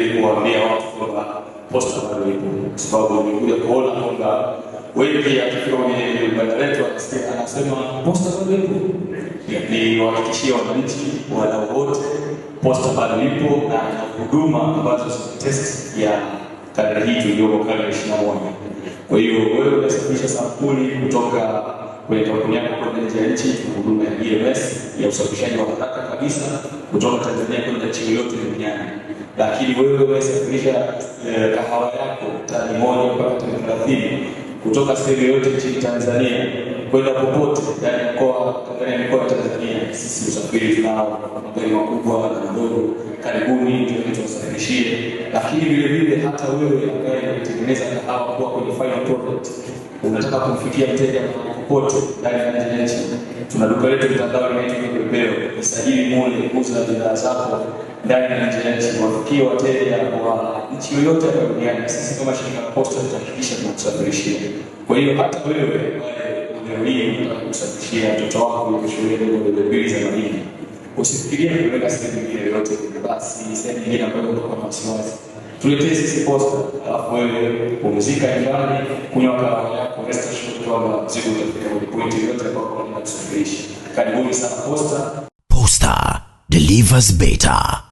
ili kuwaambia watu kwamba posta bado ipo, kwa sababu nimekuja kuona kwamba wengi akifika kwenye banda letu anasema posta bado ipo. Niwahakikishie wananchi wadau wote, posta bado ipo na huduma ambazo test ya karne hii tuliyoko, karne ya ishirini na moja. Kwa hiyo wewe unasafirisha sampuli kutoka kwenye kampuni yako kwenda nje ya nchi, huduma e ya EMS ya usafirishaji wa haraka kabisa kutoka Tanzania kwenda nchi yoyote duniani lakini wewe umesafirisha eh, kahawa yako tani moja mpaka tani thelathini kutoka sehemu yoyote nchini Tanzania kwenda popote ndani ya mkoa ndani ya Tanzania. Sisi usafiri tunao magari makubwa na madogo, karibuni tuwasafirishie. Lakini vile vile hata wewe ambaye unatengeneza kahawa kuwa kwenye final product, unataka kumfikia mteja popote ndani ya Tuna duka letu mtandao inaitwa Kipepeo. mule kuuza bidhaa zako ndani na nje ya nchi, wafikie wateja wa nchi yoyote hapa duniani. Sisi kama shirika la posta tutahakikisha tunakusafirishia. Kwa hiyo hata wewe ambaye kusafirishia mtoto wako kwenye shule ndogo ndogo mbili za mahindi, usifikirie kuweka sehemu nyingine yoyote, basi sehemu nyingine ambayo unakuwa na wasiwasi tuletee sisi posta, alafu wewe pumzika nyumbani, kunywa kahawa yako, rest assured kwamba mzigo utafika kwenye pointi yoyote ambayo kwa nini kusafirisha. Karibuni sana Posta. Posta delivers better.